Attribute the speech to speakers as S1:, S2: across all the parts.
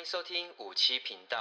S1: 歡迎收聽五七頻道。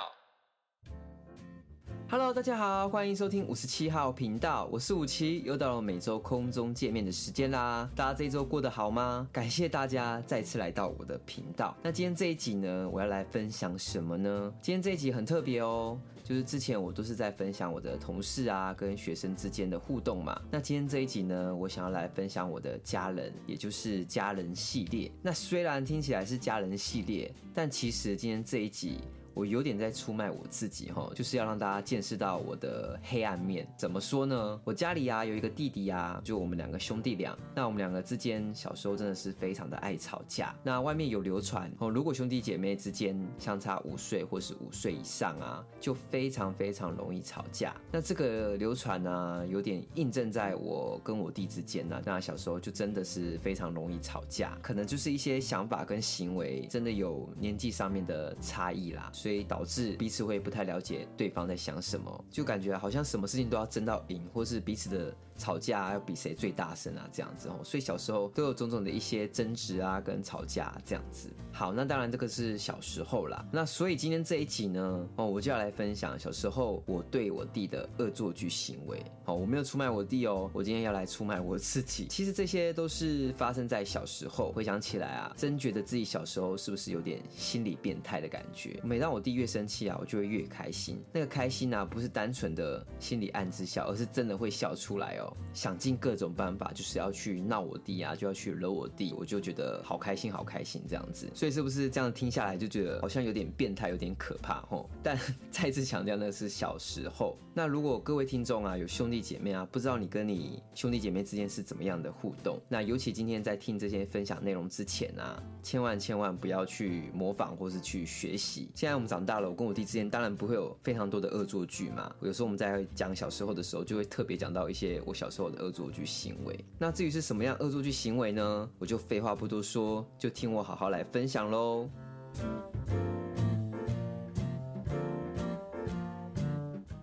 S1: Hello，大家好，歡迎收聽五十七號頻道。我是五七，又到了每周空中見面的時間啦。大家這一周過得好嗎？感謝大家再次來到我的頻道。那今天這一集呢，我要來分享什麼呢？今天這一集很特別哦。就是之前我都是在分享我的同事啊、跟學生之間的互動嘛，那今天這一集呢，我想要來分享我的家人，也就是家人系列。那雖然聽起來是家人系列，但其實今天這一集。我有點在出賣我自己，就是要讓大家見識到我的黑暗面。怎麼說呢？我家裡啊有一個弟弟啊，就我們兩個兄弟倆。那我們兩個之間小時候真的是非常的愛吵架。那外面有流傳哦，如果兄弟姐妹之間相差五歲或是五歲以上啊，就非常非常容易吵架。那這個流傳呢，有點印證在我跟我弟之間呢，那小時候就真的是非常容易吵架，可能就是一些想法跟行為真的有年紀上面的差異啦，所以。會導致彼此會不太了解對方在想什麼，就感覺好像什麼事情都要爭到贏，或是彼此的。吵架要比誰最大聲啊，這樣子哦，所以小時候都有種種的一些爭執啊，跟吵架啊，這樣子。好，那當然這個是小時候啦。那所以今天這一集呢，哦，我就要來分享小時候我對我弟的惡作劇行為。好，我沒有出賣我弟哦，我今天要來出賣我自己。其實這些都是發生在小時候，回想起來啊，真覺得自己小時候是不是有點心理變態的感覺？每當我弟越生氣啊，我就會越開心。那個開心啊，不是單純的心理暗自笑，而是真的會笑出來哦。想盡各種辦法，就是要去鬧我弟啊，就要去惹我弟，我就覺得好開心，好開心這樣子。所以是不是這樣聽下來，就覺得好像有點變態，有點可怕吼？但再次強調，那是小時候。那如果各位聽眾啊，有兄弟姐妹啊，不知道你跟你兄弟姐妹之間是怎麼樣的互動？那尤其今天在聽這些分享內容之前啊。千萬千萬不要去模仿或是去學習。現在我們長大了，我跟我弟之間當然不會有非常多的惡作劇嘛。有時候我們在講小時候的時候，就會特別講到一些我小時候的惡作劇行為。那至於是什麼樣惡作劇行為呢？我就廢話不多說，就聽我好好來分享嘍。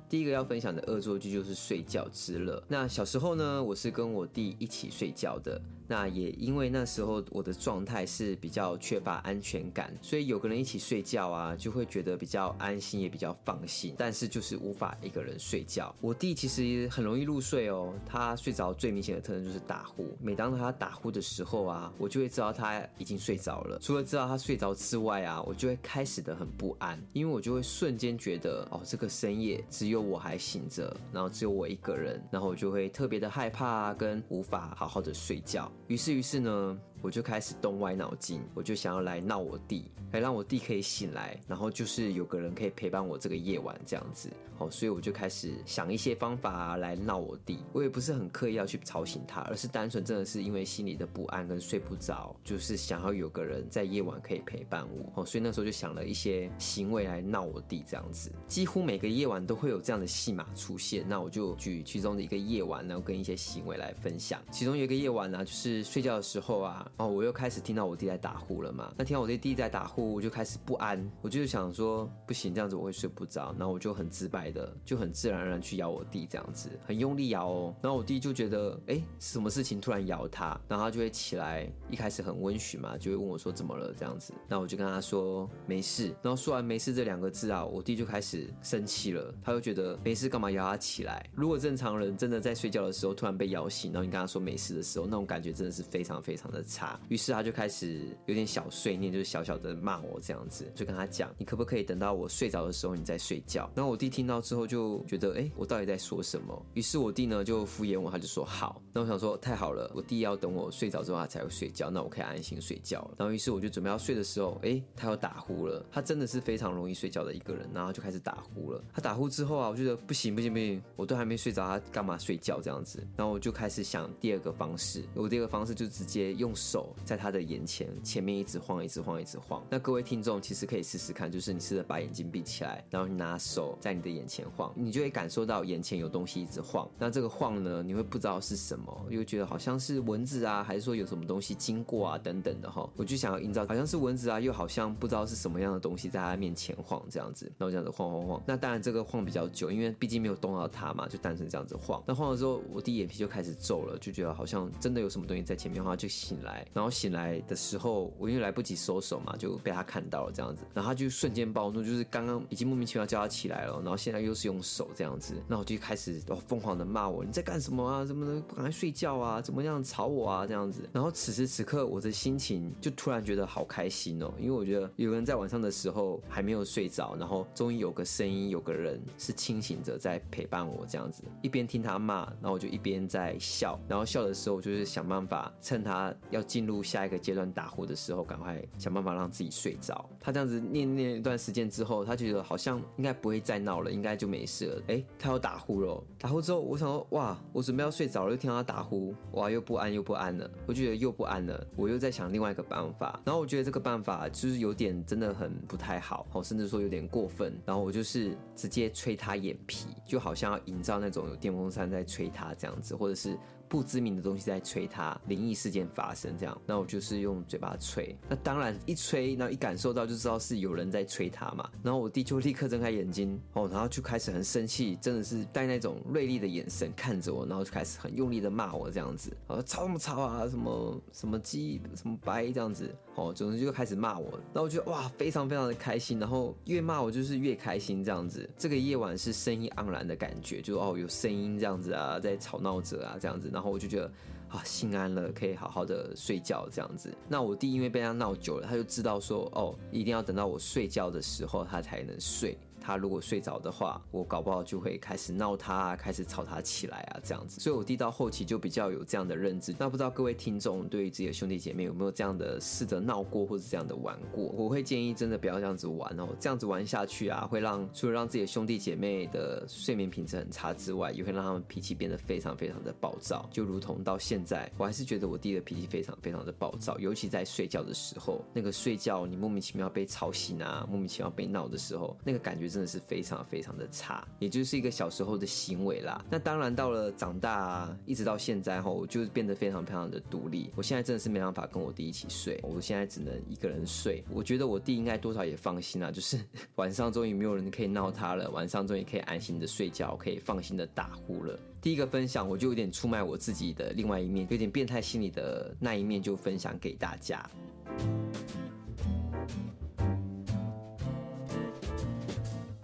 S1: 第一個要分享的惡作劇就是睡覺之樂。那小時候呢，我是跟我弟一起睡覺的。那也因為那時候我的狀態是比較缺乏安全感，所以有個人一起睡覺啊，就會覺得比較安心，也比較放心。但是就是無法一個人睡覺。我弟其實也很容易入睡哦，他睡着最明顯的特徵就是打呼。每當他打呼的時候啊，我就會知道他已經睡着了。除了知道他睡着之外啊，我就會開始得很不安，因為我就會瞬間覺得哦，這個深夜只有我還醒着，然後只有我一個人，然後我就會特別的害怕啊，跟無法好好的睡覺。於是，於是呢。我就開始動歪腦筋，我就想要來鬧我弟，來讓我弟可以醒來，然後就是有個人可以陪伴我這個夜晚這樣子。好，所以我就開始想一些方法來鬧我弟。我也不是很刻意要去吵醒他，而是單純真的是因為心裡的不安跟睡不着，就是想要有個人在夜晚可以陪伴我。哦，所以那時候就想了一些行為來鬧我弟這樣子。幾乎每個夜晚都會有這樣的戲碼出現。那我就舉其中的一個夜晚，然後跟一些行為來分享。其中有一個夜晚呢，啊，就是睡覺的時候啊。哦，我又開始聽到我弟在打呼了嘛。那聽到我弟弟在打呼，我就開始不安，我就想說不行，這樣子我會睡不着。然後我就很直白的，就很自然而然去咬我弟這樣子，很用力咬哦。然後我弟就覺得，哎，什麼事情突然咬他，然後他就會起來，一開始很溫馴嘛，就會問我說怎麼了這樣子。那我就跟他說沒事。然後說完沒事這兩個字啊，我弟就開始生氣了，他就覺得沒事幹嘛咬他起來？如果正常人真的在睡覺的時候突然被咬醒，然後你跟他說沒事的時候，那種感覺真的是非常非常的。他。於是他就開始有點小碎念，就是小小的罵我這樣子，就跟他講，你可不可以等到我睡着的時候你再睡覺？然後我弟聽到之後就覺得，哎，我到底在說什麼？於是我弟呢就敷衍我，他就說好。那我想說太好了，我弟要等我睡着之後他才會睡覺，那我可以安心睡覺。然後於是我就準備要睡的時候，哎，他又打呼了。他真的是非常容易睡覺的一個人，然後就開始打呼了。他打呼之後啊，我覺得不行不行不行，我都還沒睡着，他幹嘛睡覺這樣子？然後我就開始想第二個方式，我第二個方式就直接用手在他的眼前前面一直晃，一直晃，一直晃。那各位聽眾其實可以試試看，就是你試着把眼睛閉起來，然後拿手在你的眼前晃，你就會感受到眼前有東西一直晃。那這個晃呢，你會不知道是什麼，又覺得好像是蚊子啊，還是說有什麼東西經過啊等等的哈。我就想要營造好像是蚊子啊，又好像不知道是什麼樣的東西在他面前晃這樣子，然後這樣子晃晃晃。那當然這個晃比較久，因為畢竟沒有動到他嘛，就單純這樣子晃。那晃了之後，我第一眼皮就開始皺了，就覺得好像真的有什麼東西在前面的話就醒來。然後醒來的時候，我因為來不及收手嘛，就被他看到了這樣子，然後他就瞬間暴怒，就是剛剛已經莫名其妙叫他起來了，然後現在又是用手這樣子，然後我就開始，哦，瘋狂的罵我，你在幹什麼啊？怎麼不趕快睡覺啊？怎麼樣吵我啊？這樣子，然後此時此刻我的心情就突然覺得好開心哦，因為我覺得有人在晚上的時候還沒有睡着，然後終於有個聲音，有個人是清醒着在陪伴我這樣子，一邊聽他罵，然後我就一邊在笑，然後笑的時候我就是想辦法趁他要。進入下一個階段打呼的時候，趕快想辦法讓自己睡着。他這樣子念念一段時間之後，他覺得好像應該不會再鬧了，應該就沒事了。欸，他要打呼了。打呼之後，我想說，哇，我準備要睡着了，又聽到他打呼，哇，又不安又不安了。我就覺得又不安了，我又在想另外一個辦法。然後我覺得這個辦法就是有點真的很不太好，甚至說有點過分。然後我就是直接吹他眼皮，就好像要營造那種有電風扇在吹他這樣子，或者是。不知名的東西在吹他，靈異事件發生這樣，那我就是用嘴巴吹，那當然一吹，然後一感受到就知道是有人在吹他嘛，然後我弟就立刻睜開眼睛哦，然後就開始很生氣，真的是帶那種銳利的眼神看着我，然後就開始很用力的罵我這樣子，啊、哦，吵什麼吵啊，什麼什麼雞，什麼白，這樣子。哦，總之就開始罵我，然後我覺得哇，非常非常的開心，然後越罵我就是越開心這樣子。這個夜晚是聲音盎然的感覺，就哦有聲音這樣子啊，在吵鬧着啊這樣子，然後我就覺得啊、哦、心安了，可以好好的睡覺這樣子。那我弟因為被他鬧久了，他就知道說哦，一定要等到我睡覺的時候他才能睡。他如果睡着的話，我搞不好就會開始鬧他啊，開始吵他起來啊，這樣子。所以我弟到後期就比較有這樣的認知。那不知道各位聽眾對於自己的兄弟姐妹有沒有這樣的試着鬧過，或者這樣的玩過？我會建議真的不要這樣子玩哦，這樣子玩下去啊，會讓除了讓自己的兄弟姐妹的睡眠品質很差之外，也會讓他們脾氣變得非常非常的暴躁。就如同到現在，我還是覺得我弟的脾氣非常非常的暴躁，尤其在睡覺的時候，那個睡覺你莫名其妙被吵醒啊，莫名其妙被鬧的時候，那個感覺。真的是非常非常的差，也就是一個小時候的行為啦。那當然，到了長大、啊、一直到現在後、哦，我就是變得非常非常的獨立。我現在真的是沒辦法跟我弟一起睡，我現在只能一個人睡。我覺得我弟應該多少也放心啦、啊，就是 晚上終於沒有人可以鬧他了，晚上終於可以安心的睡覺，可以放心的打呼了。第一個分享，我就有點出賣我自己的另外一面，有點變態心理的那一面，就分享給大家。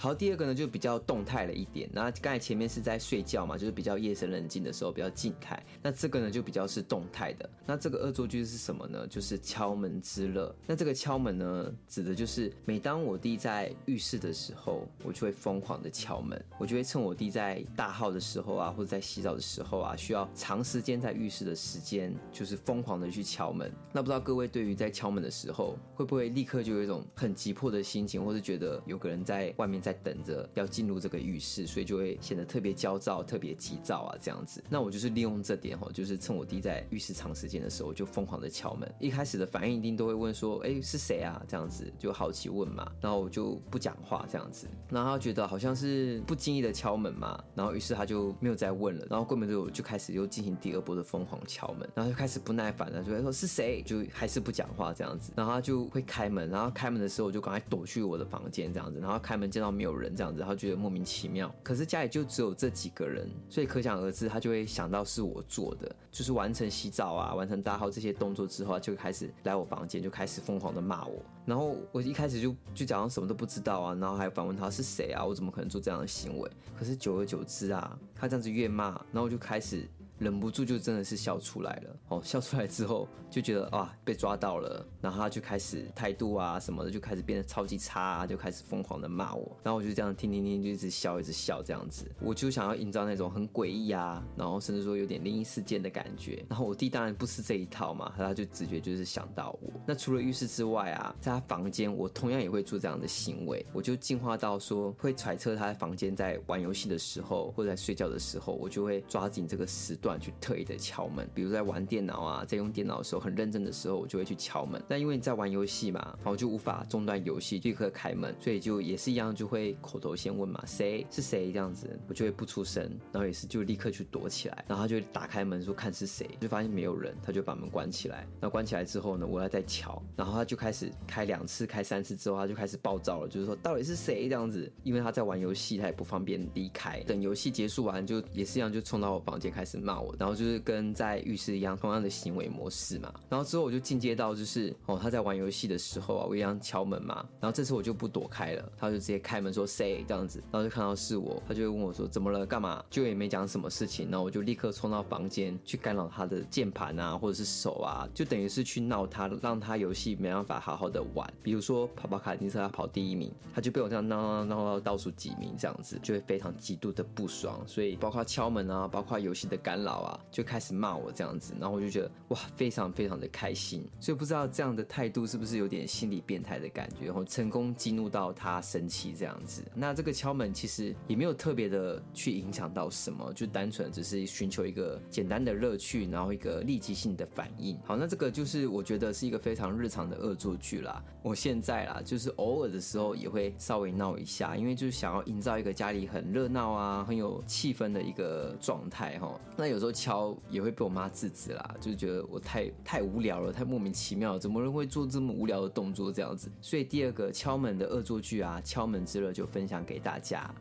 S1: 好，第二個呢，就比較動態了一點。那剛才前面是在睡覺嘛，就是比較夜深人靜的時候，比較靜態。那這個呢，就比較是動態的。那這個惡作劇是什麼呢？就是敲門之樂。那這個敲門呢，指的就是每當我弟在浴室的時候，我就會瘋狂的敲門。我就會趁我弟在大號的時候啊，或者在洗澡的時候啊，需要長時間在浴室的時間，就是瘋狂的去敲門。那不知道各位對於在敲門的時候，會不會立刻就有一種很急迫的心情，或是覺得有個人在外面在。等着要進入這個浴室，所以就會顯得特別焦躁、特別急躁啊，這樣子。那我就是利用這點哈，就是趁我弟在浴室長時間的時候，就瘋狂的敲門。一開始的反應一定都會問說：“哎、欸，是誰啊？”這樣子就好奇問嘛。然後我就不講話這樣子，然後他覺得好像是不經意的敲門嘛，然後於是他就沒有再問了。然後關門之後就開始又進行第二波的瘋狂敲門，然後就開始不耐煩了，就會說：“是誰？”就還是不講話這樣子，然後他就會開門，然後開門的時候我就趕快躲去我的房間這樣子，然後開門見到面，沒有人這樣子，他覺得莫名其妙。可是家裡就只有這幾個人，所以可想而知，他就會想到是我做的。就是完成洗澡啊，完成大號這些動作之後，他就開始來我房間，就開始瘋狂的罵我。然後我一開始就就假裝什麼都不知道啊，然後還反問他是誰啊，我怎麼可能做這樣的行為？可是久而久之啊，他這樣子越罵，然後我就開始。忍不住就真的是笑出來了，哦，笑出來之後就覺得哇、啊、被抓到了，然後他就開始態度啊什麼的就開始變得超級差，啊，就開始瘋狂的罵我，然後我就這樣聽聽聽就一直笑一直笑這樣子，我就想要營造那種很詭異啊，然後甚至說有點靈異事件的感覺。然後我弟當然不吃這一套嘛，他就直覺就是想到我。那除了浴室之外啊，在他房間我同樣也會做這樣的行為，我就進化到說會揣測他在房間在玩遊戲的時候或者在睡覺的時候，我就會抓緊這個時段，去特意的敲門，比如在玩電腦啊，在用電腦的時候很認真的的時候，我就會去敲門。但因為你在玩遊戲嘛，然後就無法中斷遊戲立刻開門，所以就也是一樣，就會口頭先問嘛，誰是誰這樣子，我就會不出聲，然後也是就立刻去躲起來，然後他就打開門說看是誰，就發現沒有人，他就把門關起來。那關起來之後呢，我要再敲，然後他就開始開兩次，開三次之後，他就開始暴躁了，就是說到底是誰這樣子？因為他在玩遊戲，他也不方便離開，等遊戲結束完就也是一樣，就衝到我房間開始罵。然後就是跟在浴室一樣同樣的行為模式嘛。然後之後我就進階到就是哦，他在玩遊戲的時候啊，我一樣敲門嘛。然後這次我就不躲開了，他就直接開門說 say 這樣子，然後就看到是我，他就會問我說怎麼了，幹嘛？就也沒講什麼事情。然後我就立刻衝到房間去干擾他的鍵盤啊，或者是手啊，就等於是去鬧他，讓他遊戲沒辦法好好的玩。比如說跑跑卡丁車，他跑第一名，他就被我這樣鬧鬧鬧鬧到倒數幾名這樣子，就會非常極度的不爽。所以包括敲門啊，包括遊戲的干擾。好啊，就開始罵我這樣子，然後我就覺得哇，非常非常的開心，所以不知道這樣的態度是不是有點心理變態的感覺，然後成功激怒到他生氣這樣子。那這個敲門其實也沒有特別的去影響到什麼，就單純只是尋求一個簡單的樂趣，然後一個立即性的反應。好，那這個就是我覺得是一個非常日常的惡作劇啦。我現在啦，就是偶爾的時候也會稍微鬧一下，因為就是想要營造一個家裡很熱鬧啊、很有氣氛的一個狀態哈。那。有時候敲也會被我媽制止啦，就覺得我太太無聊了，太莫名其妙了，怎麼人會做這麼無聊的動作這樣子？所以第二個敲門的惡作劇啊，敲門之樂就分享給大家。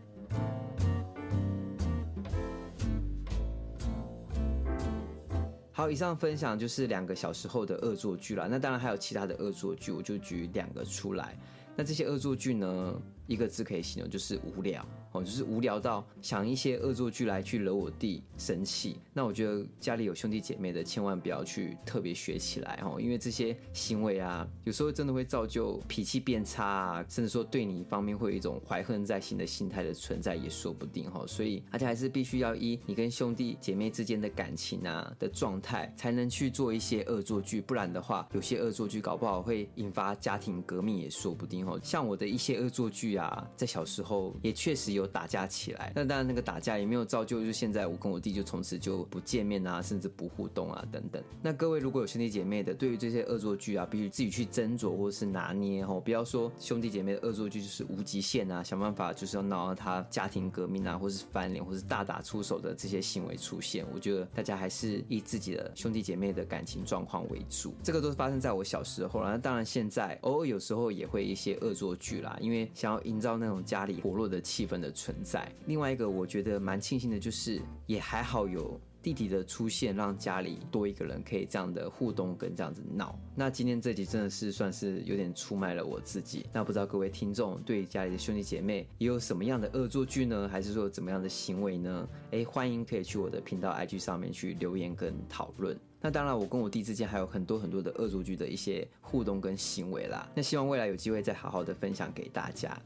S1: 好，以上分享就是兩個小時候的惡作劇啦。那當然還有其他的惡作劇，我就舉兩個出來。那這些惡作劇呢，一個字可以形容就是無聊。哦，就是無聊到想一些惡作劇來去惹我弟生氣。那我覺得家裡有兄弟姐妹的，千萬不要去特別學起來哦，因為這些行為啊，有時候真的會造就脾氣變差啊，甚至說對你一方面會有一種懷恨在心的心態的存在也說不定哦。所以，而且還是必須要依你跟兄弟姐妹之間的感情啊的狀態，才能去做一些惡作劇，不然的話，有些惡作劇搞不好會引發家庭革命也說不定哦。像我的一些惡作劇啊，在小時候也確實有。有打架起來，那當然那個打架也沒有造就，就現在我跟我弟就從此就不見面啊，甚至不互動啊，等等。那各位如果有兄弟姐妹的，對於這些惡作劇啊，必須自己去斟酌或者是拿捏哈，哦，不要說兄弟姐妹的惡作劇就是無極限啊，想辦法就是要鬧到他家庭革命啊，或是翻臉或是大打出手的這些行為出現。我覺得大家還是以自己的兄弟姐妹的感情狀況為主，這個都是發生在我小時候了。那當然現在偶爾有時候也會一些惡作劇啦，因為想要營造那種家裡活絡的氣氛的。存在另外一個，我覺得蠻慶幸的，就是也還好有弟弟的出現，讓家裡多一個人可以這樣的互動跟這樣子鬧。那今天這集真的是算是有點出賣了我自己。那不知道各位聽眾對家裡的兄弟姐妹也有什麼樣的惡作劇呢？還是說怎麼樣的行為呢？欸，歡迎可以去我的頻道 IG 上面去留言跟討論。那當然，我跟我弟之間還有很多很多的惡作劇的一些互動跟行為啦。那希望未來有機會再好好的分享給大家。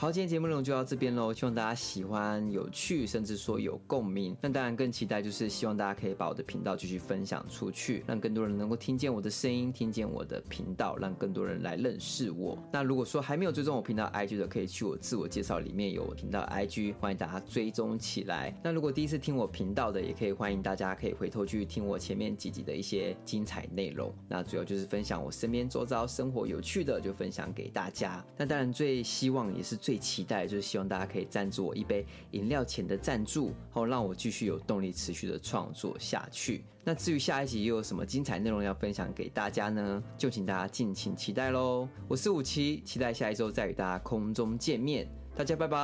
S1: 好，今天節目內容就到這邊嘍，希望大家喜歡、有趣，甚至說有共鳴。那當然更期待就是希望大家可以把我的頻道繼續分享出去，讓更多人能夠聽見我的聲音、聽見我的頻道，讓更多人來認識我。那如果說還沒有追蹤我頻道的 IG 的，可以去我自我介紹裡面有我頻道 IG，歡迎大家追蹤起來。那如果第一次聽我頻道的，也可以歡迎大家可以回頭去聽我前面幾集的一些精彩內容。那主要就是分享我身邊周遭生活有趣的，就分享給大家。那當然最希望也是最最期待就是希望大家可以贊助我一杯飲料錢的贊助，然後讓我繼續有動力持續的創作下去。那至於下一集又有什麼精彩內容要分享給大家呢？就請大家敬請期待嘍！我是五七，期待下一週再與大家空中見面，大家拜拜。